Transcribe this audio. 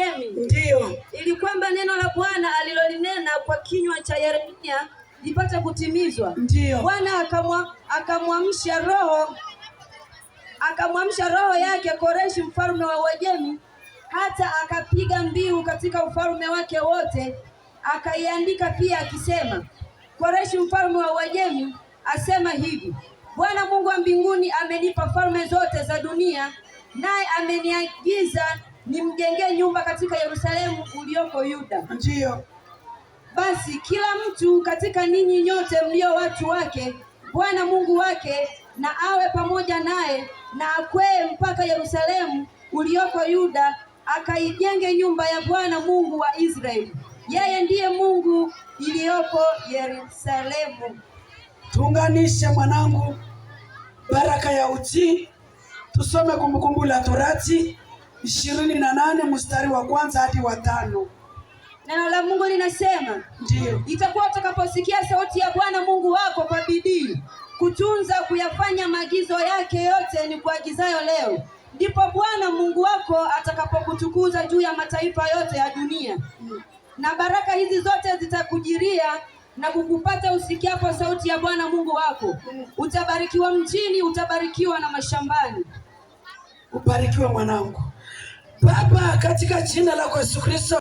Uajemi, Ndio. ili kwamba neno la Bwana alilolinena kwa kinywa cha Yeremia lipate kutimizwa. Ndio. Bwana akamwa akamwamsha roho akamwamsha roho yake Koreshi mfalme wa Uajemi, hata akapiga mbiu katika ufalme wake wote, akaiandika pia akisema, Koreshi mfalme wa Uajemi asema hivi, Bwana Mungu wa mbinguni amenipa falme zote za dunia, naye ameniagiza nimjengee nyumba katika Yerusalemu ulioko Yuda. ndio Basi kila mtu katika ninyi nyote mlio watu wake, Bwana Mungu wake na awe pamoja naye, na akwee mpaka Yerusalemu ulioko Yuda, akaijenge nyumba ya Bwana Mungu wa Israeli. Yeye ndiye Mungu iliyoko Yerusalemu. Tuunganishe mwanangu, baraka ya utii, tusome Kumbukumbu la Torati ishirini na nane mstari wa kwanza hadi wa tano. Neno la Mungu linasema ndiyo, itakuwa utakaposikia sauti ya Bwana Mungu wako kwa bidii kutunza kuyafanya maagizo yake yote ni kuagizayo leo, ndipo Bwana Mungu wako atakapokutukuza juu ya mataifa yote ya dunia, na baraka hizi zote zitakujiria na kukupata usikiapo sauti ya Bwana Mungu wako. Utabarikiwa mjini, utabarikiwa na mashambani. Ubarikiwe mwanangu. Baba, katika jina lako Yesu Kristo.